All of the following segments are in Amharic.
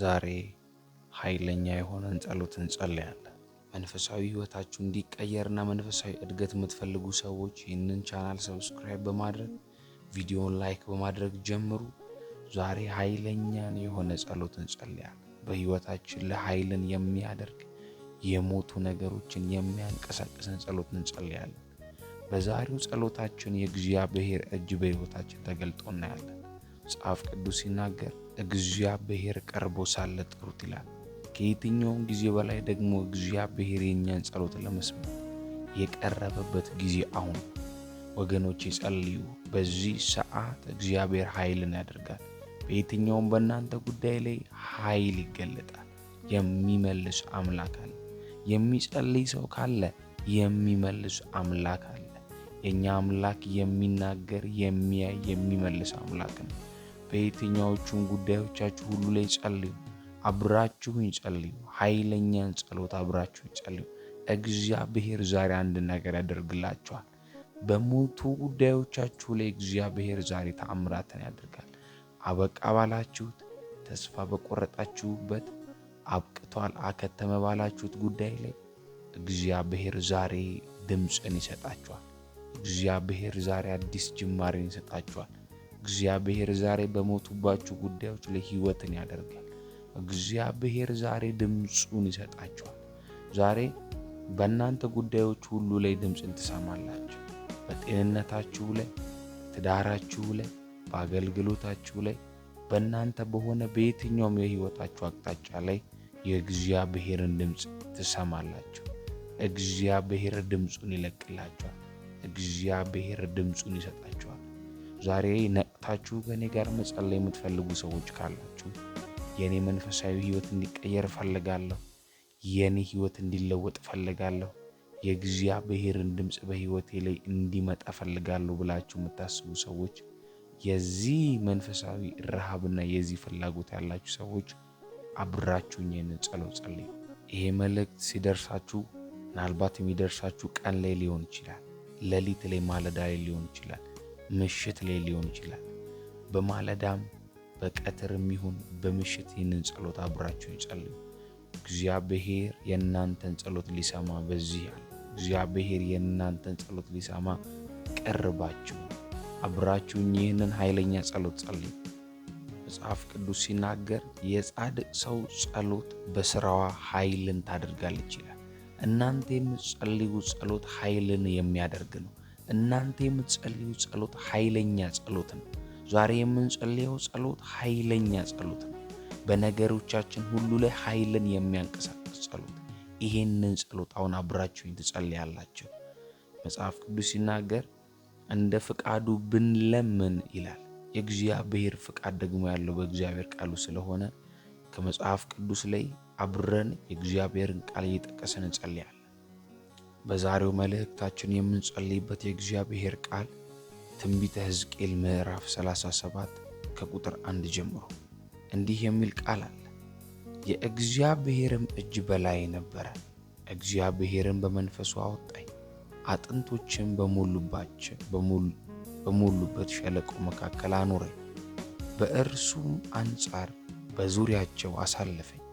ዛሬ ኃይለኛ የሆነን ጸሎት እንጸልያለን። መንፈሳዊ ሕይወታችሁ እንዲቀየርና መንፈሳዊ እድገት የምትፈልጉ ሰዎች ይህንን ቻናል ሰብስክራይብ በማድረግ ቪዲዮን ላይክ በማድረግ ጀምሩ። ዛሬ ኃይለኛን የሆነ ጸሎት እንጸልያለን። በሕይወታችን ለኃይልን የሚያደርግ የሞቱ ነገሮችን የሚያንቀሳቅስን ጸሎት እንጸልያለን። በዛሬው ጸሎታችን የእግዚአብሔር እጅ በሕይወታችን ተገልጦ እናያለን። መጽሐፍ ቅዱስ ሲናገር እግዚአብሔር ቀርቦ ሳለ ጥሩት ይላል። ከየትኛውም ጊዜ በላይ ደግሞ እግዚአብሔር የእኛን ጸሎት ለመስማት የቀረበበት ጊዜ አሁን። ወገኖች ጸልዩ። በዚህ ሰዓት እግዚአብሔር ኃይልን ያደርጋል። በየትኛውም በእናንተ ጉዳይ ላይ ኃይል ይገለጣል። የሚመልስ አምላክ አለ። የሚጸልይ ሰው ካለ የሚመልስ አምላክ አለ። የእኛ አምላክ የሚናገር፣ የሚያይ፣ የሚመልስ አምላክ ነው። በየትኛዎቹም ጉዳዮቻችሁ ሁሉ ላይ ጸልዩ። አብራችሁን ይጸልዩ። ኃይለኛን ጸሎት አብራችሁ ይጸልዩ። እግዚአብሔር ዛሬ አንድ ነገር ያደርግላችኋል። በሞቱ ጉዳዮቻችሁ ላይ እግዚአብሔር ዛሬ ተአምራትን ያደርጋል። አበቃ ባላችሁት፣ ተስፋ በቆረጣችሁበት፣ አብቅቷል አከተመ ባላችሁት ጉዳይ ላይ እግዚአብሔር ዛሬ ድምፅን ይሰጣችኋል። እግዚአብሔር ዛሬ አዲስ ጅማሬን ይሰጣችኋል። እግዚአብሔር ዛሬ በሞቱባችሁ ጉዳዮች ላይ ህይወትን ያደርጋል። እግዚአብሔር ዛሬ ድምፁን ይሰጣችኋል። ዛሬ በእናንተ ጉዳዮች ሁሉ ላይ ድምፅን ትሰማላችሁ። በጤንነታችሁ ላይ፣ ትዳራችሁ ላይ፣ በአገልግሎታችሁ ላይ በእናንተ በሆነ በየትኛውም የህይወታችሁ አቅጣጫ ላይ የእግዚአብሔርን ድምፅ ትሰማላችሁ። እግዚአብሔር ድምፁን ይለቅላችኋል። እግዚአብሔር ድምፁን ይሰጣችኋል። ዛሬ ነቅታችሁ ከእኔ ጋር መጸለይ የምትፈልጉ ሰዎች ካላችሁ የእኔ መንፈሳዊ ህይወት እንዲቀየር እፈልጋለሁ፣ የእኔ ህይወት እንዲለወጥ እፈልጋለሁ፣ የእግዚአብሔርን ድምፅ በህይወቴ ላይ እንዲመጣ እፈልጋለሁ ብላችሁ የምታስቡ ሰዎች የዚህ መንፈሳዊ ረሃብና የዚህ ፍላጎት ያላችሁ ሰዎች አብራችሁኝ ይህንን ጸሎት ጸልዩ። ይሄ መልእክት ሲደርሳችሁ ምናልባት የሚደርሳችሁ ቀን ላይ ሊሆን ይችላል፣ ሌሊት ላይ ማለዳ ላይ ሊሆን ይችላል። ምሽት ላይ ሊሆን ይችላል። በማለዳም በቀትርም ይሁን በምሽት ይህንን ጸሎት አብራችሁ ይጸልዩ። እግዚአብሔር የእናንተን ጸሎት ሊሰማ በዚህ ያለ እግዚአብሔር የእናንተን ጸሎት ሊሰማ ቀርባችሁ አብራችሁኝ ይህንን ኃይለኛ ጸሎት ጸልዩ። መጽሐፍ ቅዱስ ሲናገር የጻድቅ ሰው ጸሎት በስራዋ ኃይልን ታደርጋለች ይላል። እናንተ የምትጸልዩ ጸሎት ኃይልን የሚያደርግ ነው። እናንተ የምትጸልዩ ጸሎት ኃይለኛ ጸሎት ነው። ዛሬ የምንጸልየው ጸሎት ኃይለኛ ጸሎት ነው። በነገሮቻችን ሁሉ ላይ ኃይልን የሚያንቀሳቅስ ጸሎት። ይሄንን ጸሎት አሁን አብራችሁኝ ትጸልያላችሁ። መጽሐፍ ቅዱስ ሲናገር እንደ ፍቃዱ ብንለምን ይላል። የእግዚአብሔር ፍቃድ ደግሞ ያለው በእግዚአብሔር ቃሉ ስለሆነ ከመጽሐፍ ቅዱስ ላይ አብረን የእግዚአብሔርን ቃል እየጠቀስን እንጸልያለን። በዛሬው መልእክታችን የምንጸልይበት የእግዚአብሔር ቃል ትንቢተ ሕዝቅኤል ምዕራፍ 37 ከቁጥር 1 ጀምሮ እንዲህ የሚል ቃል አለ። የእግዚአብሔርም እጅ በላይ ነበረ፣ እግዚአብሔርም በመንፈሱ አወጣኝ፣ አጥንቶችም በሞሉበት ሸለቆ መካከል አኖረኝ፣ በእርሱም አንጻር በዙሪያቸው አሳለፈኝ።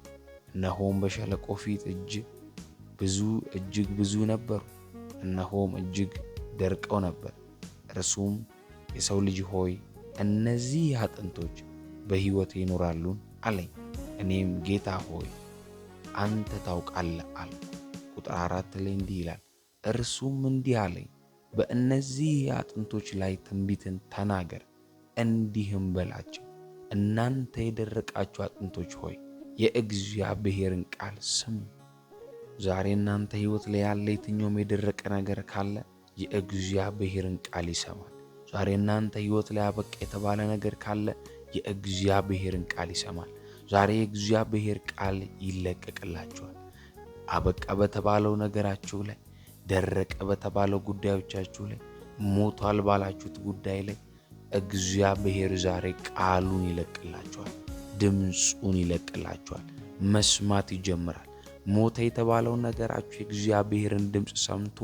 እነሆም በሸለቆ ፊት እጅ ብዙ እጅግ ብዙ ነበሩ፣ እነሆም እጅግ ደርቀው ነበር። እርሱም የሰው ልጅ ሆይ እነዚህ አጥንቶች በሕይወት ይኖራሉን? አለኝ። እኔም ጌታ ሆይ አንተ ታውቃለህ አልኩ። ቁጥር አራት ላይ እንዲህ ይላል፣ እርሱም እንዲህ አለኝ በእነዚህ አጥንቶች ላይ ትንቢትን ተናገር፣ እንዲህም በላቸው እናንተ የደረቃችሁ አጥንቶች ሆይ የእግዚአብሔርን ቃል ስሙ። ዛሬ እናንተ ህይወት ላይ ያለ የትኛውም የደረቀ ነገር ካለ የእግዚአብሔርን ቃል ይሰማል። ዛሬ እናንተ ህይወት ላይ አበቃ የተባለ ነገር ካለ የእግዚአብሔርን ቃል ይሰማል። ዛሬ የእግዚአብሔር ቃል ይለቀቅላችኋል። አበቃ በተባለው ነገራችሁ ላይ፣ ደረቀ በተባለው ጉዳዮቻችሁ ላይ፣ ሞቷል ባላችሁት ጉዳይ ላይ እግዚአብሔር ዛሬ ቃሉን ይለቅላችኋል። ድምፁን ይለቅላችኋል። መስማት ይጀምራል። ሞተ የተባለውን ነገራችሁ የእግዚአብሔርን ድምፅ ሰምቶ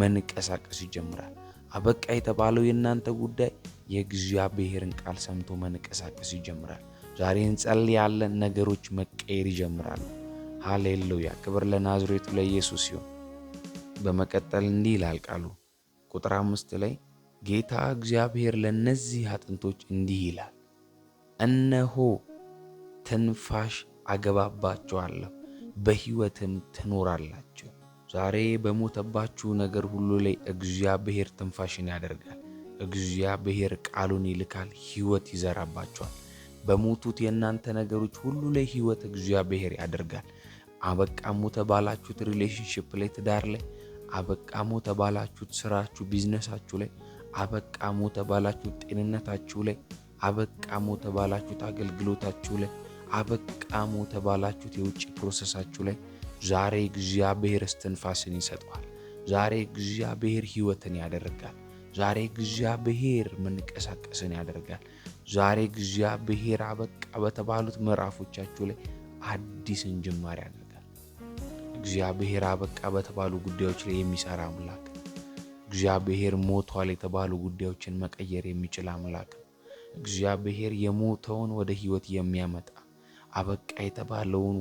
መንቀሳቀስ ይጀምራል። አበቃ የተባለው የእናንተ ጉዳይ የእግዚአብሔርን ቃል ሰምቶ መንቀሳቀስ ይጀምራል። ዛሬ እንጸልያለን፣ ነገሮች መቀየር ይጀምራሉ። ሃሌሉያ! ክብር ለናዝሬቱ ለኢየሱስ ሲሆን በመቀጠል እንዲህ ይላል ቃሉ ቁጥር አምስት ላይ ጌታ እግዚአብሔር ለእነዚህ አጥንቶች እንዲህ ይላል፣ እነሆ ትንፋሽ አገባባቸዋለሁ በሕይወትም ትኖራላችሁ። ዛሬ በሞተባችሁ ነገር ሁሉ ላይ እግዚአብሔር ትንፋሽን ያደርጋል። እግዚአብሔር ቃሉን ይልካል፣ ሕይወት ይዘራባችኋል። በሞቱት የእናንተ ነገሮች ሁሉ ላይ ሕይወት እግዚአብሔር ያደርጋል። አበቃ ሞተ ባላችሁት ሪሌሽንሽፕ ላይ፣ ትዳር ላይ፣ አበቃ ሞተ ባላችሁት ስራችሁ፣ ቢዝነሳችሁ ላይ፣ አበቃ ሞተ ባላችሁት ጤንነታችሁ ላይ፣ አበቃ ሞተ ባላችሁት አገልግሎታችሁ ላይ አበቃሙ ተባላችሁት የውጭ ፕሮሰሳችሁ ላይ ዛሬ እግዚአብሔር እስትንፋስን ይሰጠዋል። ዛሬ እግዚአብሔር ህይወትን ያደርጋል። ዛሬ እግዚአብሔር መንቀሳቀስን ያደርጋል። ዛሬ እግዚአብሔር አበቃ በተባሉት ምዕራፎቻችሁ ላይ አዲስን ጅማር ያደርጋል። እግዚአብሔር አበቃ በተባሉ ጉዳዮች ላይ የሚሰራ አምላክ፣ እግዚአብሔር ሞቷል የተባሉ ጉዳዮችን መቀየር የሚችል አምላክ፣ እግዚአብሔር የሞተውን ወደ ህይወት የሚያመጣ አበቃ የተባለውን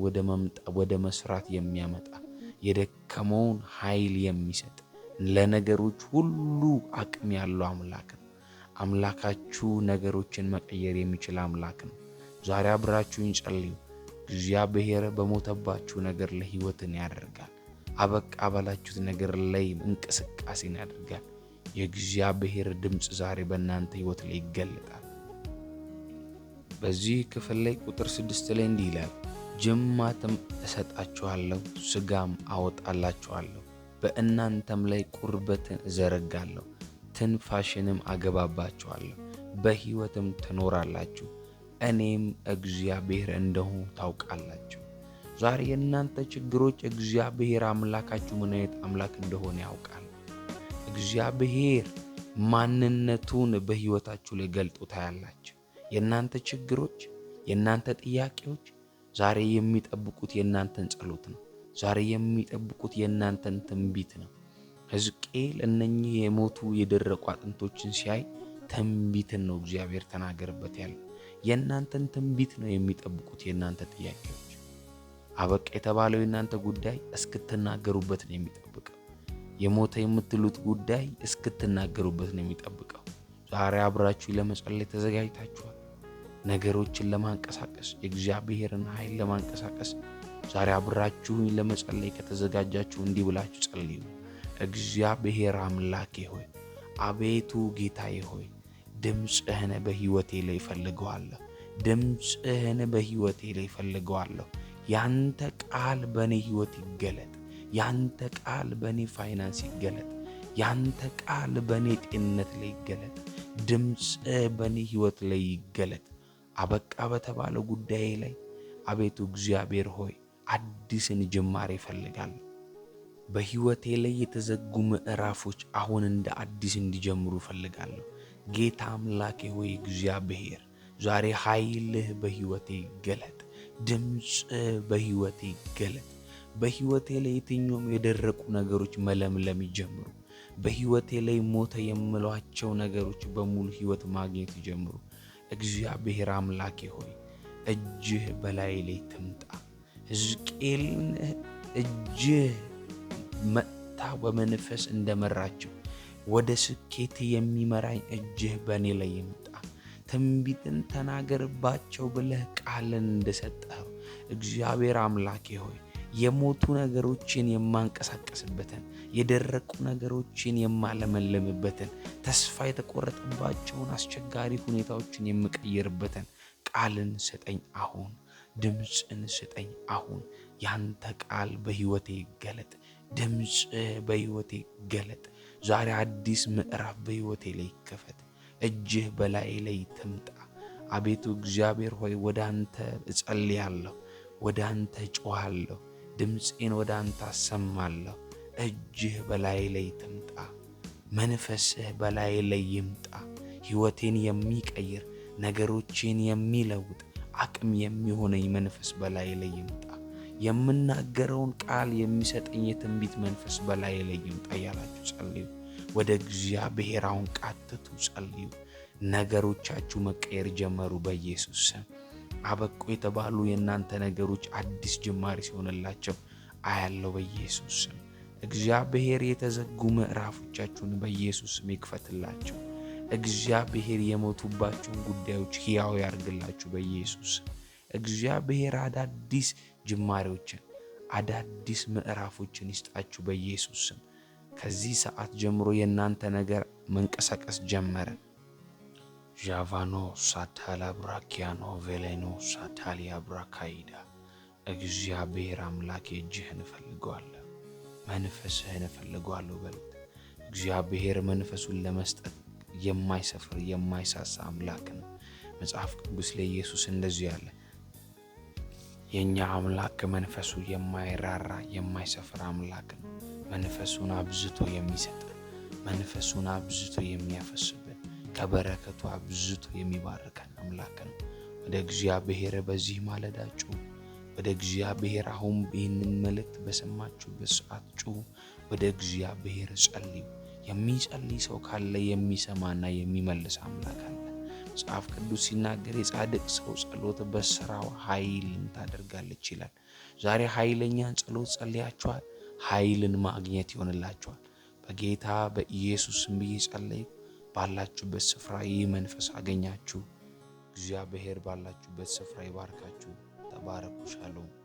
ወደ መስራት የሚያመጣ የደከመውን ኃይል የሚሰጥ ለነገሮች ሁሉ አቅም ያለው አምላክ ነው። አምላካችሁ ነገሮችን መቀየር የሚችል አምላክ ነው። ዛሬ አብራችሁን ጸልዩ። እግዚአብሔር በሞተባችሁ ነገር ላይ ሕይወትን ያደርጋል። አበቃ ባላችሁት ነገር ላይ እንቅስቃሴን ያደርጋል። የእግዚአብሔር ድምፅ ዛሬ በእናንተ ህይወት ላይ ይገለጣል። በዚህ ክፍል ላይ ቁጥር ስድስት ላይ እንዲህ ይላል፣ ጅማትም እሰጣችኋለሁ፣ ስጋም አወጣላችኋለሁ፣ በእናንተም ላይ ቁርበትን እዘረጋለሁ፣ ትንፋሽንም አገባባችኋለሁ፣ በሕይወትም ትኖራላችሁ፣ እኔም እግዚአብሔር እንደሆኑ ታውቃላችሁ። ዛሬ የእናንተ ችግሮች እግዚአብሔር አምላካችሁ ምን አይነት አምላክ እንደሆነ ያውቃል። እግዚአብሔር ማንነቱን በሕይወታችሁ ላይ ገልጦ ታያላችሁ። የእናንተ ችግሮች፣ የእናንተ ጥያቄዎች ዛሬ የሚጠብቁት የእናንተን ጸሎት ነው። ዛሬ የሚጠብቁት የእናንተን ትንቢት ነው። ሕዝቅኤል እነኚህ የሞቱ የደረቁ አጥንቶችን ሲያይ ትንቢትን ነው እግዚአብሔር ተናገርበት ያለ። የእናንተን ትንቢት ነው የሚጠብቁት። የእናንተ ጥያቄዎች አበቃ የተባለው የእናንተ ጉዳይ እስክትናገሩበት ነው የሚጠብቀው። የሞተ የምትሉት ጉዳይ እስክትናገሩበት ነው የሚጠብቀው። ዛሬ አብራችሁ ለመጸለይ ተዘጋጅታችኋል። ነገሮችን ለማንቀሳቀስ የእግዚአብሔርን ኃይል ለማንቀሳቀስ ዛሬ አብራችሁኝ ለመጸለይ ከተዘጋጃችሁ እንዲህ ብላችሁ ጸልዩ። እግዚአብሔር አምላኬ ሆይ፣ አቤቱ ጌታዬ ሆይ ድምፅህን በሕይወቴ ላይ እፈልገዋለሁ። ድምፅህን በሕይወቴ ላይ እፈልገዋለሁ። ያንተ ቃል በእኔ ሕይወት ይገለጥ። ያንተ ቃል በእኔ ፋይናንስ ይገለጥ። ያንተ ቃል በእኔ ጤንነት ላይ ይገለጥ። ድምፅህ በእኔ ሕይወት ላይ ይገለጥ። አበቃ በተባለ ጉዳይ ላይ አቤቱ እግዚአብሔር ሆይ አዲስን ጅማሬ ይፈልጋል። በሕይወቴ ላይ የተዘጉ ምዕራፎች አሁን እንደ አዲስ እንዲጀምሩ ፈልጋለሁ ጌታ አምላኬ ሆይ እግዚአብሔር ዛሬ ኃይልህ በሕይወቴ ገለጥ፣ ድምፅህ በሕይወቴ ገለጥ። በሕይወቴ ላይ የትኛውም የደረቁ ነገሮች መለምለም ይጀምሩ። በሕይወቴ ላይ ሞተ የምሏቸው ነገሮች በሙሉ ሕይወት ማግኘት ይጀምሩ። እግዚአብሔር አምላኬ ሆይ እጅህ በላይ ላይ ትምጣ። ሕዝቅኤልን እጅህ መጥታ በመንፈስ እንደመራችው ወደ ስኬት የሚመራኝ እጅህ በእኔ ላይ ይምጣ። ትንቢትን ተናገርባቸው ብለህ ቃልን እንደሰጠኸው እግዚአብሔር አምላኬ ሆይ የሞቱ ነገሮችን የማንቀሳቀስበትን፣ የደረቁ ነገሮችን የማለመለምበትን፣ ተስፋ የተቆረጠባቸውን አስቸጋሪ ሁኔታዎችን የምቀይርበትን ቃልን ስጠኝ አሁን፣ ድምፅን ስጠኝ አሁን። ያንተ ቃል በህይወቴ ገለጥ፣ ድምፅ በህይወቴ ገለጥ። ዛሬ አዲስ ምዕራፍ በህይወቴ ላይ ይከፈት። እጅህ በላዬ ላይ ትምጣ። አቤቱ እግዚአብሔር ሆይ ወደ አንተ እጸልያለሁ፣ ወደ አንተ እጮሃለሁ። ድምፄን ወደ አንተ አሰማለሁ። እጅህ በላይ ላይ ትምጣ፣ መንፈስህ በላይ ላይ ይምጣ። ሕይወቴን የሚቀይር ነገሮቼን የሚለውጥ አቅም የሚሆነኝ መንፈስ በላይ ላይ ይምጣ። የምናገረውን ቃል የሚሰጠኝ የትንቢት መንፈስ በላይ ላይ ይምጣ እያላችሁ ጸልዩ። ወደ እግዚአብሔር አሁን ቃትቱ ጸልዩ። ነገሮቻችሁ መቀየር ጀመሩ በኢየሱስ ስም። አበቁ የተባሉ የእናንተ ነገሮች አዲስ ጅማሬ ሲሆንላቸው አያለው በኢየሱስ ስም። እግዚአብሔር የተዘጉ ምዕራፎቻችሁን በኢየሱስ ስም ይክፈትላቸው። እግዚአብሔር የሞቱባችሁን ጉዳዮች ሕያው ያርግላችሁ በኢየሱስ ስም። እግዚአብሔር አዳዲስ ጅማሬዎችን አዳዲስ ምዕራፎችን ይስጣችሁ በኢየሱስ ስም። ከዚህ ሰዓት ጀምሮ የእናንተ ነገር መንቀሳቀስ ጀመረን። ዣቫኖ ሳታላ ብራኪያኖ ቬሌኖ ሳታሊያ ብራካይዳ እግዚአብሔር አምላክ እጅህን እፈልገዋለሁ፣ መንፈስህን እፈልገዋለሁ በል። እግዚአብሔር መንፈሱን ለመስጠት የማይሰፍር የማይሳሳ አምላክ ነው። መጽሐፍ ቅዱስ ለኢየሱስ ኢየሱስ እንደዚህ ያለ የእኛ አምላክ መንፈሱ የማይራራ የማይሰፍር አምላክ ነው። መንፈሱን አብዝቶ የሚሰጥ መንፈሱን አብዝቶ የሚያፈስብ ከበረከቱ አብዝቶ የሚባርከን አምላክ ነው። ወደ እግዚአብሔር በዚህ ማለዳ ጩሁ። ወደ እግዚአብሔር አሁን ይህንን መልእክት በሰማችሁበት ሰዓት ጩሁ። ወደ እግዚአብሔር ጸልዩ። የሚጸልይ ሰው ካለ የሚሰማና የሚመልስ አምላክ አለ። መጽሐፍ ቅዱስ ሲናገር የጻድቅ ሰው ጸሎት በስራው ኃይልን ታደርጋለች ይላል። ዛሬ ኃይለኛን ጸሎት ጸልያችኋል። ኃይልን ማግኘት ይሆንላችኋል። በጌታ በኢየሱስ ስም ብዬ ጸለይኩ። ባላችሁበት ስፍራ ይህ መንፈስ አገኛችሁ። እግዚአብሔር ባላችሁበት ስፍራ ይባርካችሁ። ተባረኩ። ሻሎም